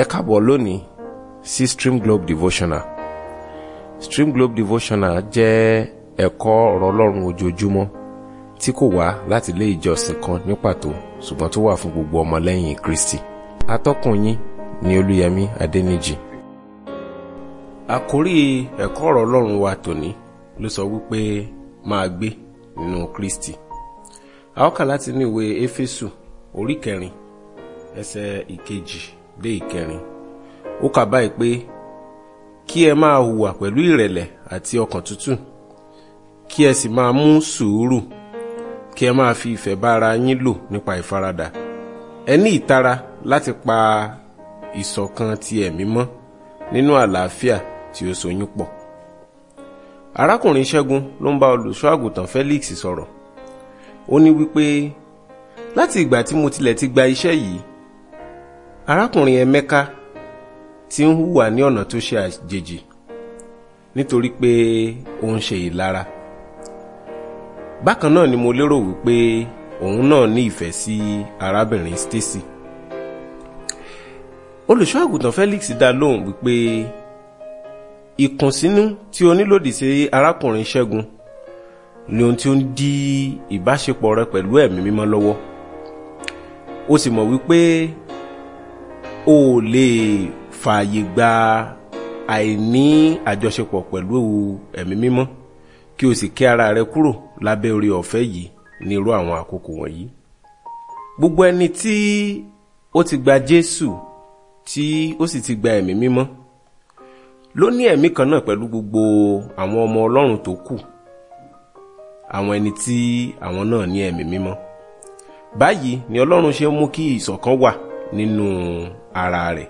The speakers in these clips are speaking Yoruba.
ẹ káàbọ̀ lónìí sí Stream Globe Devotional Stream Globe Devotional jẹ́ ẹ̀kọ́ ọ̀rọ̀ ọlọ́run ojoojúmọ́ tí kò wá láti ilé ìjọsìn kan ní pàtó ṣùgbọ́n tó wà fún gbogbo ọmọlẹ́yìn Kristi atọ́kùn yín ni Olúyẹmí Adẹ́nìjì àkórí ẹ̀kọ́ ọ̀rọ̀ ọlọ́run wa tòní ló sọ wípé máa gbé nínú Kristi a ó kà láti inú ìwé Éfésù orí kẹrin ẹsẹ̀ ìkejì dé ìkẹrin ó kà báyìí pé kí ẹ máa hùwà pẹ̀lú ìrẹ̀lẹ̀ àti ọkàn tútù kí ẹ sì máa mú sùúrù kí ẹ máa fi ìfẹ́ bá ara yín lò nípa ìfaradà ẹ ní ìtara láti pa ìṣọ̀kan ti ẹ̀mí mọ́ nínú àlàáfíà tí ó so pọ̀ arákùnrin ṣẹ́gun ló ń bá olùṣọ́ àgùntàn felix sọ̀rọ̀ ó ní wípé láti ìgbà tí mo tilẹ̀ ti gba iṣẹ́ yìí arákùnrin Emeka ti ń hùwà ní ọ̀nà tó ṣe àjèjì nítorí pé ó ń ṣe ìlara bákan náà ni mo lérò wípé òun náà ní ìfẹ́ sí arábìnrin Stacy olùṣọ́ àgùntàn Felix dá lóhùn wípé ìkùnsínú tí ó ní lòdì sí arákùnrin Ṣẹ́gun ni ohun tí ó ń dí ìbáṣepọ̀ rẹ pẹ̀lú ẹ̀mí mímọ́ lọ́wọ́ ó sì mọ̀ wípé o ò lè fààyè gba àìní àjọṣepọ̀ pẹ̀lú ẹ̀mí mímọ́ kí o sì kí ara rẹ kúrò lábẹ́ orí ọ̀fẹ́ yìí ní irú àwọn àkókò wọ̀nyí. gbogbo ẹni tí ó ti gba Jésù tí ó sì ti gba ẹ̀mí mímọ́ ló ní ẹ̀mí kan náà pẹ̀lú gbogbo àwọn ọmọ Ọlọ́run tó kù àwọn ẹni tí àwọn náà ní ẹ̀mí mímọ́ báyìí ni Ọlọ́run ṣe mú kí ìṣọ̀kan wà nínú ara rẹ̀.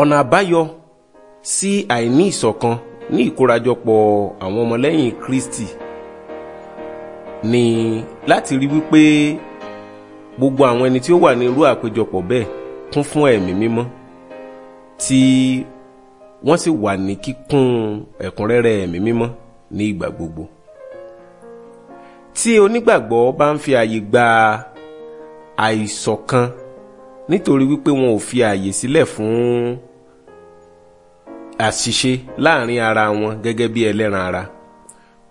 ọ̀nà àbáyọ sí àìní ìṣọ̀kan ní ìkórajọpọ̀ àwọn ọmọlẹ́yìn Kristi ni láti rí wípé gbogbo àwọn ẹni tí ó wà ní irú àpéjọpọ̀ bẹ́ẹ̀ kún fún ẹ̀mí mímọ́ tí wọ́n sì wà ní kíkún ẹ̀kúnrẹ́rẹ́ ẹ̀mí mímọ́ ní ìgbà gbogbo. tí onígbàgbọ́ bá ń fi àyè gba àìṣọ̀kan nítorí wípé wọn ò fi ààyè sílẹ̀ fún àṣìṣe láàrin ara wọn gẹ́gẹ́ bí ẹlẹ́ran ara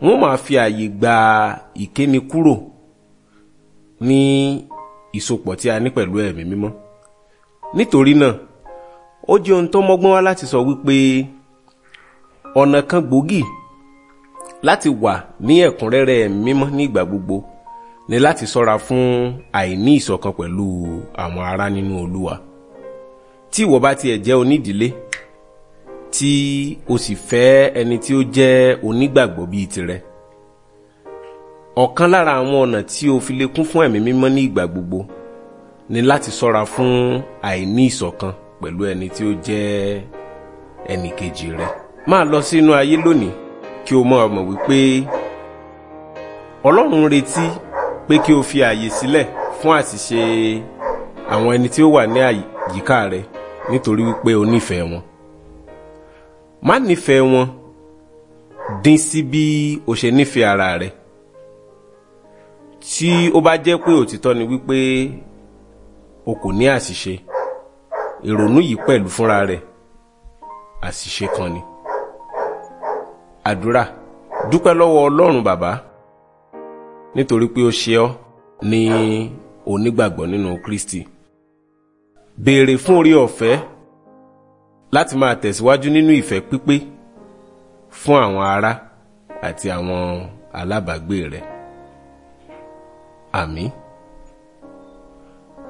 wọ́n máa fi ààyè gba ìkéni kúrò ní ìsopọ̀ tí a ní pẹ̀lú ẹ̀mí mímọ́ nítorí náà ó jẹ́ ohun tó mọ́gbọ́n wá láti sọ wípé ọ̀nà kan gbòógì láti wà ní ẹ̀kúnrẹ́rẹ́ ẹ̀mí mímọ́ ní ìgbà gbogbo ni láti ṣọ́ra fún àìní ìṣọ̀kan pẹ̀lú àwọn ará nínú olúwa tí ìwọ bá tiẹ̀ jẹ́ onídìílé tí o sì fẹ́ ẹni tí ó jẹ́ onígbàgbọ́ bíi tirẹ̀ ọ̀kan lára àwọn ọ̀nà tí o fi lè kún fún ẹ̀mí mímọ́ ní ìgbà gbogbo ni láti ṣọ́ra fún àìní ìṣọ̀kan pẹ̀lú ẹni tí ó jẹ́ ẹnì kejì rẹ máa lọ sínú ayé lónìí kí o mọ̀ ọmọ wípé ọlọ́run retí pé kí o fi ààyè sílẹ̀ fún àṣìṣe àwọn ẹni tí ó wà ní àyíká rẹ nítorí wípé o nífẹ̀ẹ́ wọn má nífẹ̀ẹ́ wọn dín sí bí o ṣe nífẹ̀ẹ́ ara rẹ tí ó bá jẹ́ pé òtítọ́ ni wípé o kò ní àṣìṣe ìrònú yìí pẹ̀lú fúnra rẹ̀ àṣìṣe kan ni àdúrà dúpẹ́ lọ́wọ́ ọlọ́run bàbá nítorí pé ó ṣe ọ́ ní onígbàgbọ́ nínú Kristi béèrè fún orí ọ̀fẹ́ láti máa tẹ̀síwájú nínú ìfẹ́ pípé fún àwọn ará àti àwọn alábàágbé rẹ àmín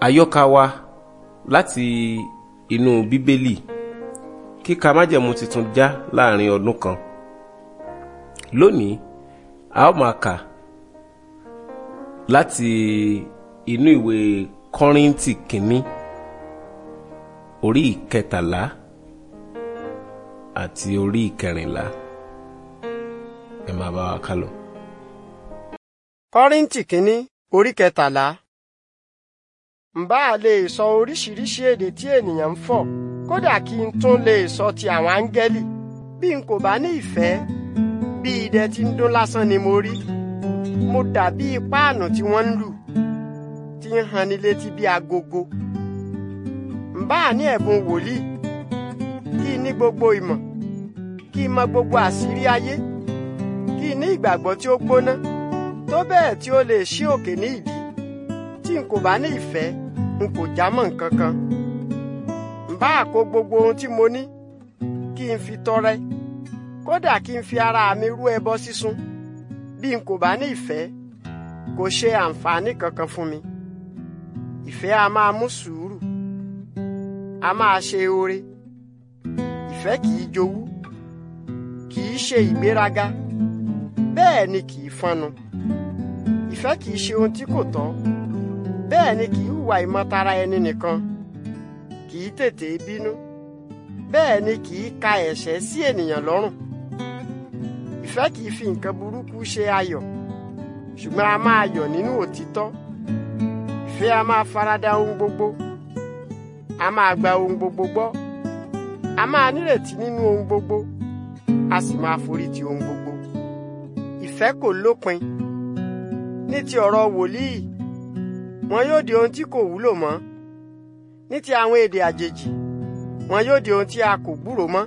àyọkà wa láti inú bíbélì kíka májẹ̀mú tuntun já láàrin ọdún kan lónìí a ó máa kà láti inú ìwé kọ́ríntì kínní orí ìkẹtàlá àti orí ìkẹrìnlá ẹ máa bá wa kálọ. kọ́ríntì kínní orí kẹtàlá ǹbá a lè sọ oríṣiríṣi èdè tí ènìyàn ń fọ̀ kódà kí n tún lè sọ ti àwọn áńgẹ́lì bí n kò bá ní ìfẹ́ bí idẹ tí ń dún lásán ni mo rí mo dàbí páànù tí wọ́n ń lù tí ń han ní létí bí agogo ń bá ní ẹ̀bùn wòlíì kí ní gbogbo ìmọ̀ kí mọ gbogbo àṣírí ayé kí ní ìgbàgbọ́ tí ó gbóná tó bẹ́ẹ̀ tí ó lè ṣí òkè ní ìdí tí n kò bá ní ìfẹ́ n kò já mọ́ nǹkan kan n bá àkó gbogbo ohun tí mo ní kí n fi tọrẹ kódà kí n fi ara mi rú ẹbọ sísun. Si bí n kò bá ní ìfẹ́ kò ṣe àǹfààní kankan fún mi ìfẹ́ a máa mú sùúrù a máa ṣe oore ìfẹ́ kì í jowú kì í ṣe ìgbéraga bẹ́ẹ̀ ni kì í ìfẹ́ kì í ṣe ohun tí kò tọ́ ni kì í hùwà ìmọ̀tara ẹni nìkan kì í tètè bínú bẹ́ẹ̀ ni kì í ka sí ènìyàn lọ́rùn ìfẹ́ kìí fi nǹkan burúkú ṣe ayọ̀ ṣùgbọ́n a máa yọ̀ nínú òtítọ́ ìfẹ́ a máa farada ohun gbogbo a máa gba ohun gbogbo gbọ́ a máa nírètí nínú ohun gbogbo a sì máa forí tì ohun gbogbo ìfẹ́ kò lópin ní ti ọ̀rọ̀ wòlíì wọn yóò di ohun tí kò wúlò mọ́ ní ti àwọn èdè àjèjì wọn yóò di ohun tí a kò gbúrò mọ́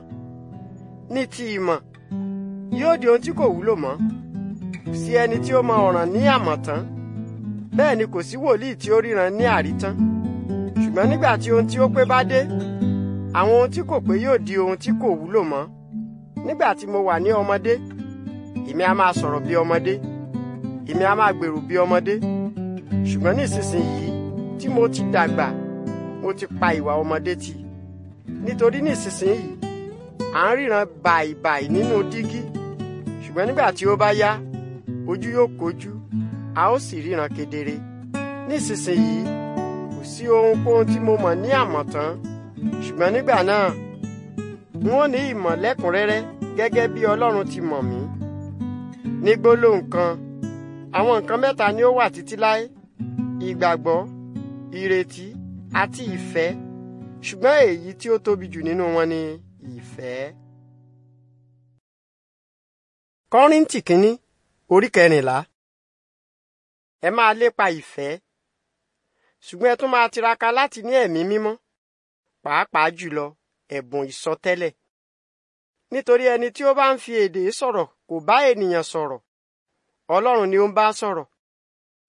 ní ti ìmọ̀ yóò di ohun tí kò wúlò mọ́ sí ẹni tí ó mọ ọ̀ràn ní àmọ̀tán bẹ́ẹ̀ ni kò sí wòlíì tí ó ríran ní àrítán ṣùgbọ́n nígbà tí ohun tí ó pé bá dé àwọn ohun tí kò pé yóò di ohun tí kò wúlò mọ́ nígbà tí mo wà ní ọmọdé èmi a máa sọ̀rọ̀ bí ọmọdé èmi a máa gbèrò bí ọmọdé ṣùgbọ́n nísinsìnyí tí mo ti dàgbà mo ti pa ìwà ọmọdé tì nítorí nísinsìnyí à ń ríran bàìbàì nínú dígí. No ṣùgbọ́n nígbà tí ó bá yá ojú yóò kojú a ó sì ríran kedere nísinsìnyí kò sí ohunkóhun tí mo mọ̀ ní àmọ̀tán ṣùgbọ́n nígbà náà n ó ní ìmọ̀ lẹ́kùnrẹ́rẹ́ gẹ́gẹ́ bí Ọlọ́run ti mọ̀ mí ní gbólóhùn kan àwọn nǹkan mẹ́ta ni ó wà títí láé ìgbàgbọ́ ìrètí àti ìfẹ́ ṣùgbọ́n èyí tí ó tóbi jù nínú wọn ni ìfẹ́ kọ́ríntì kínní orí kẹrìnlá ẹ máa lépa ìfẹ́ ṣùgbọ́n ẹ tún máa tiraka láti ní ẹ̀mí mímọ́ pàápàá jùlọ ẹ̀bùn ìsọtẹ́lẹ̀ nítorí ẹni tí ó bá ń fi èdè sọ̀rọ̀ kò bá ènìyàn sọ̀rọ̀ Ọlọ́run ni ó ń bá sọ̀rọ̀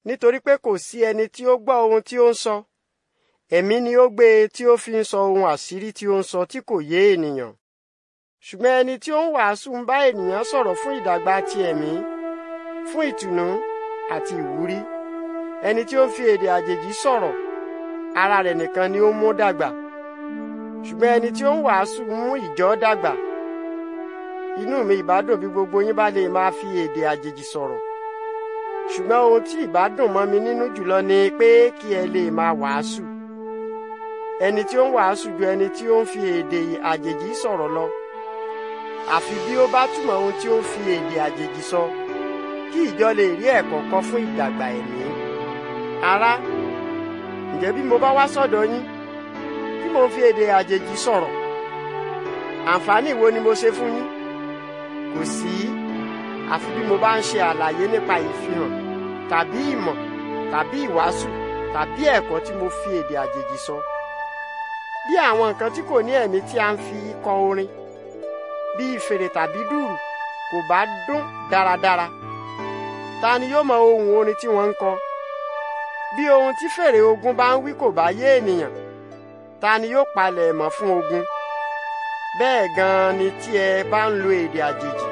nítorí pé kò sí ẹni tí ó gbọ́ ohun tí ó ń sọ ẹ̀mí ni ó gbé e tí ó fi ń sọ ohun àṣírí tí ó ń sọ tí kò yé ènìyàn ṣùgbọ́n ẹni tí ó ń wàásù ń bá ènìyàn sọ̀rọ̀ fún ìdàgbà ti ẹ̀mí fún ìtùnú àti ìwúrí ẹni tí ó ń fi èdè àjèjì sọ̀rọ̀ ara rẹ̀ nìkan ni ó mú dàgbà ṣùgbọ́n ẹni tí ó ń wàásù mú ìjọ dàgbà inú mi ìbádùn bí gbogbo yín bá lè máa fi èdè àjèjì sọ̀rọ̀ ṣùgbọ́n ohun tí ìbádùn mọ́ mi nínú jùlọ ni pé kí ẹ lè máa wàásù ẹni tí ó ń wàásù ju ẹni tí ó ń fi èdè àjèjì sọ̀rọ̀ lọ àfi bí ó bá túmọ̀ ohun tí ó ń fi èdè àjèjì sọ kí ìjọ lè rí ẹ̀kọ́ kan fún ìdàgbà ẹ̀mí. ará ǹjẹ́ bí mo bá wá sọ́dọ̀ yín tí mo ń fi èdè àjèjì sọ̀rọ̀ àǹfààní wo ni mo ṣe fún yín kò sí àfi bí mo bá ń ṣe àlàyé nípa ìfihàn tàbí ìmọ̀ tàbí ìwàásù tàbí ẹ̀kọ́ tí mo fi èdè àjèjì sọ bí àwọn nǹkan tí kò ní ẹ̀mí tí a ń fi kọ orin bíi fèrè tàbí dùrù kò bá dún dáradára ta ni yóò mọ ohun orin tí wọ́n ń kọ bí ohun tí fèrè ogun bá ń wí kò bá yé ènìyàn ta ni yóò palẹ̀ mọ́ fún ogun bẹ́ẹ̀ gan-an ni tí ẹ bá ń lo èdè àjèjì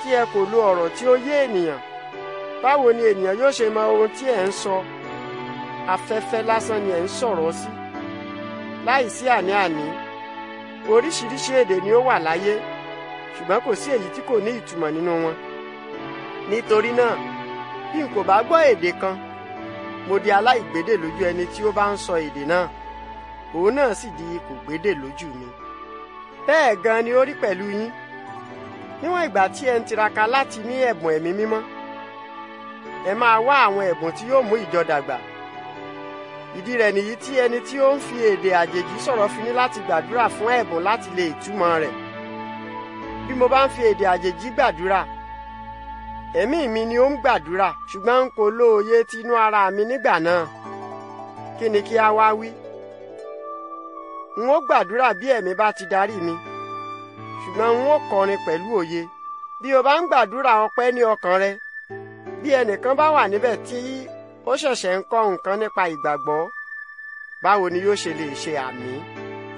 tí ẹ kò lo ọ̀rọ̀ tí ó yé ènìyàn báwo ni ènìyàn yóò ṣe mọ ohun tí ẹ ń sọ afẹ́fẹ́ lásán ni ẹ ń sọ̀rọ̀ sí láìsí àní-àní oríṣiríṣi èdè ni ó wà láyé ṣùgbọ́n kò sí èyí tí kò ní ìtumọ̀ nínú wọn nítorí náà bí n kò bá gbọ́ èdè kan mo di aláìgbédè lójú ẹni tí ó bá ń sọ èdè náà òun náà sì di kò gbédè lójú mi bẹ́ẹ̀ gan ni ó rí pẹ̀lú yín níwọ̀n ìgbà tí ẹ ń tiraka láti ní ẹ̀bùn ẹ̀mí mímọ́ ẹ máa wá àwọn ẹ̀bùn tí yóò mú ìjọ dàgbà ìdí rẹ̀ nìyí tí ẹni tí ó ń fi èdè àjèjì sọ̀rọ̀ fi ní láti gbàdúrà fún ẹ̀bùn láti lè túmọ̀ rẹ̀ bí mo bá ń fi èdè àjèjì gbàdúrà ẹ̀mí mi ni ó ń gbàdúrà ṣùgbọ́n n kò lóye ti inú ara mi nígbà náà kí ni kí a wá wí n ó gbàdúrà bí ẹ̀mí bá ti darí mi ṣùgbọ́n n ó kọrin pẹ̀lú òye bí o bá ń gbàdúrà ọpẹ́ ní ọkàn rẹ bí ẹnìkan bá wà níbẹ̀ tí ó ṣẹ̀ṣẹ̀ ń kọ́ nǹkan nípa ìgbàgbọ́ báwo ni yóò ṣe lè ṣe àmì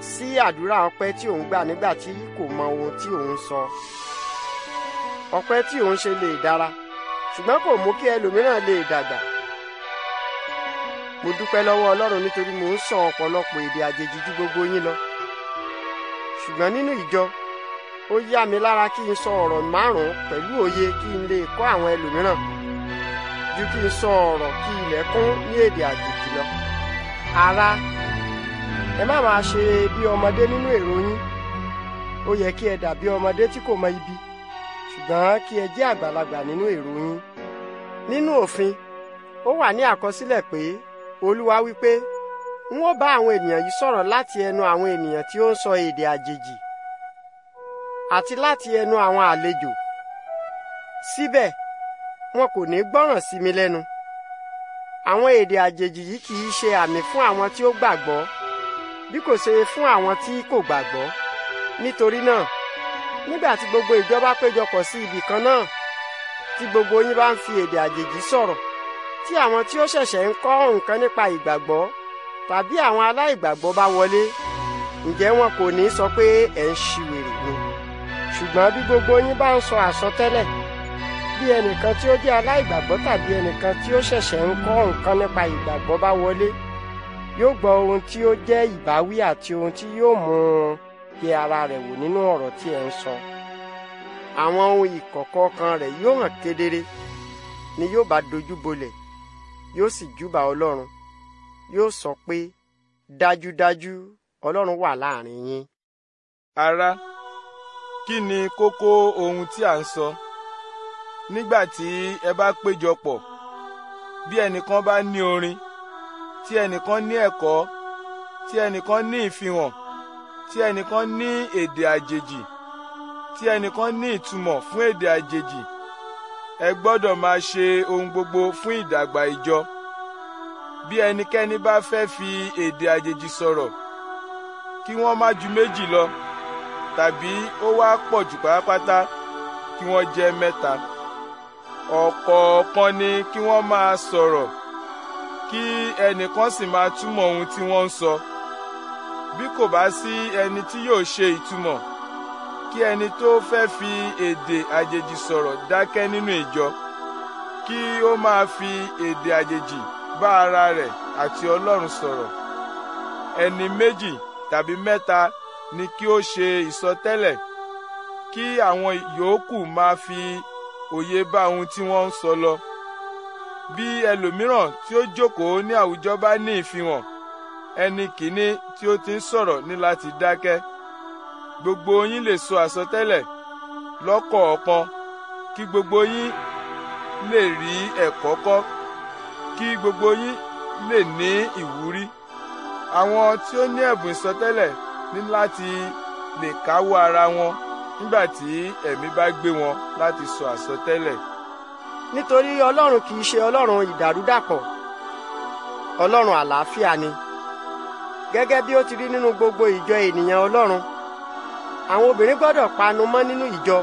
sí àdúrà ọpẹ́ tí òun gbà nígbà tí kò mọ ohun tí òun sọ ọpẹ́ tí òun ṣe lè dára ṣùgbọ́n kò mú kí ẹlòmíràn lè dàgbà mo dúpẹ́ lọ́wọ́ Ọlọ́run nítorí mo ń sọ ọ̀pọ̀lọpọ̀ èdè àjèjì ju gbogbo yín lọ ṣùgbọ́n nínú ìjọ ó yá mi lára kí n sọ ọ̀rọ̀ márùn-ún òye kí n lè kọ́ àwọn ẹlòmíràn ju kí n sọ ọ̀rọ̀ kí ilẹ̀ kún ní èdè àjèjì lọ. ará ẹ má máa ṣe bí ọmọdé nínú èrò yín ó yẹ kí ẹ dàbí ọmọdé tí kò mọ ibi ṣùgbọ́n kí ẹ jẹ́ àgbàlagbà nínú èrò yín. nínú òfin ó wà ní àkọsílẹ̀ pé olúwa wípé n ó bá àwọn ènìyàn yìí sọ̀rọ̀ láti ẹnu àwọn ènìyàn tí ó ń sọ èdè àjèjì àti láti ẹnu àwọn àlejò síbẹ̀ wọn kò ní gbọ́ràn sí mi lẹ́nu. Àwọn èdè àjèjì yìí kì í ṣe àmì fún àwọn tí ó gbàgbọ́ bí kò ṣe fún àwọn tí kò gbàgbọ́. Nítorí náà, nígbà tí gbogbo ìjọba péjọpọ̀ sí ibì kan náà, tí gbogbo yín bá ń fi èdè àjèjì sọ̀rọ̀, tí àwọn tí ó ṣẹ̀ṣẹ̀ ń kọ́ nǹkan nípa ìgbàgbọ́ tàbí àwọn aláìgbàgbọ́ bá wọlé ǹjẹ́ wọn kò ní sọ pé ẹ̀ ń ṣiwèrè ni ṣùgbọ́n bí gbogbo yín bá ń sọ àsọtẹ́lẹ̀ bí ẹnìkan tí ó jẹ́ aláìgbàgbọ́ tàbí ẹnìkan tí ó ṣẹ̀ṣẹ̀ ń kọ́ nǹkan nípa ìgbàgbọ́ bá wọlé yóò gbọ́ ohun tí ó jẹ́ ìbáwí àti ohun tí yóò mú un yẹ ara rẹ̀ wò nínú ọ̀rọ̀ tí ẹ̀ ń sọ àwọn ohun ìkọ̀kọ̀ kan rẹ̀ yóò hàn kedere ni yóò bá dojú bolẹ̀ yóò sì júbà ọlọ́run yóò sọ pé dájúdájú ọlọ́run wà láàrin yín. ará kí ni kókó ohun tí à ń sọ. So? nígbà tí ẹ bá péjọpọ̀ bí ẹnìkan bá ní orin tí ẹnìkan ní ẹ̀kọ́ tí ẹnìkan ní ìfihàn tí ẹnìkan ní èdè àjèjì tí ẹnìkan ní ìtumọ̀ fún èdè àjèjì ẹ gbọ́dọ̀ máa ṣe ohun gbogbo fún ìdàgbà ìjọ bí ẹnikẹ́ni bá fẹ́ fi èdè àjèjì sọ̀rọ̀ kí wọ́n má ju méjì lọ tàbí ó wá pọ̀ jù pátápátá kí wọ́n jẹ́ mẹ́ta ọ̀kọ̀ọ̀kan ni kí wọ́n máa sọ̀rọ̀ kí ẹnìkan sì máa túmọ̀ ohun tí wọ́n ń sọ bí kò bá sí ẹni tí yóò ṣe ìtumọ̀ kí ẹni tó fẹ́ fi èdè àjèjì sọ̀rọ̀ dákẹ́ nínú ìjọ kí ó máa fi èdè àjèjì bá ara rẹ̀ àti Ọlọ́run sọ̀rọ̀ ẹni méjì tàbí mẹ́ta ni kí ó ṣe ìsọtẹ́lẹ̀ kí àwọn yòókù máa fi òye bá ohun tí wọ́n ń sọ lọ bí ẹlòmíràn tí ó jókòó ní àwùjọ bá ní ìfihàn ẹni kìíní tí ó ti ń sọ̀rọ̀ ní láti dákẹ́ gbogbo yín lè sọ àsọtẹ́lẹ̀ lọ́kọ̀ọ̀kan kí gbogbo yín lè rí ẹ̀kọ́ kọ́ kí gbogbo yín lè ní ìwúrí àwọn tí ó ní ẹ̀bùn ìsọtẹ́lẹ̀ ní láti lè káwọ́ ara wọn nígbà tí ẹ̀mí bá gbé wọn láti sọ àsọtẹ́lẹ̀. nítorí ọlọ́run kì í ṣe ọlọ́run ìdàrúdàpọ̀ ọlọ́run àlàáfíà ni gẹ́gẹ́ bí ó ti rí nínú gbogbo ìjọ ènìyàn ọlọ́run àwọn obìnrin gbọ́dọ̀ panu mọ́ nínú ìjọ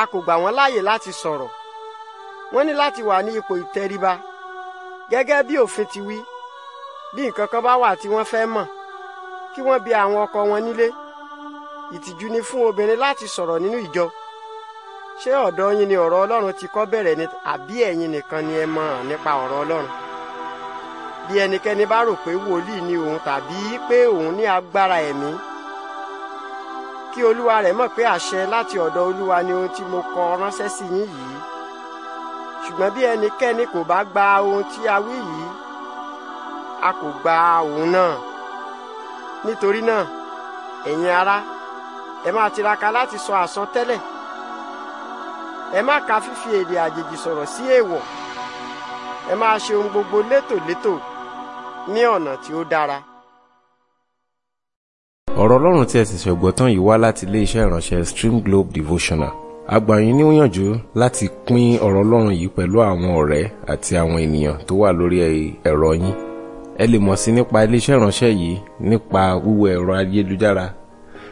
a kò gbà wọ́n láàyè láti sọ̀rọ̀ wọ́n ní láti wà ní ipò ìtẹríba gẹ́gẹ́ bí òfin ti wí bí nǹkan kan bá wà tí wọ́n fẹ́ mọ̀ kí wọ́n bi àwọn ọkọ wọn nílé ìtìjú ni fún obìnrin láti sọ̀rọ̀ nínú ìjọ ṣé ọ̀dọ̀ yín ni ọ̀rọ̀ Ọlọ́run ti kọ́ bẹ̀rẹ̀ ni àbí ẹ̀yin nìkan ni ẹ mọ̀ nípa ọ̀rọ̀ Ọlọ́run bí ẹnikẹ́ni bá rò pé wòlíì ni òun tàbí pé òun ní agbára ẹ̀mí kí olúwa rẹ̀ mọ̀ pé àṣẹ láti ọ̀dọ̀ olúwa ni ohun tí mo kọ ránṣẹ́ sí yín yìí ṣùgbọ́n bí ẹnikẹ́ni kò bá gba ohun tí a wí yìí a kò gba òun náà nítorí náà ẹ̀yin ará ẹ máa tiraka láti sọ àsọtẹ́lẹ̀ ẹ má ka fífi èdè àjèjì sọ̀rọ̀ sí èèwọ̀ ẹ máa ṣe ohun gbogbo létòlétò ní ọ̀nà tí ó dára. ọ̀rọ̀ ọlọ́run tí ẹ sì ṣẹ̀gbọ́ tán yìí wá láti iléeṣẹ́ ìránṣẹ́ Stream Globe Devotional a gbà yín níyànjú láti pín ọ̀rọ̀ ọlọ́run yìí pẹ̀lú àwọn ọ̀rẹ́ àti àwọn ènìyàn tó wà lórí ẹ̀rọ yín ẹ lè mọ̀ sí nípa iléeṣẹ́ ìránṣẹ́ yìí nípa wíwọ ẹ̀rọ ayélujára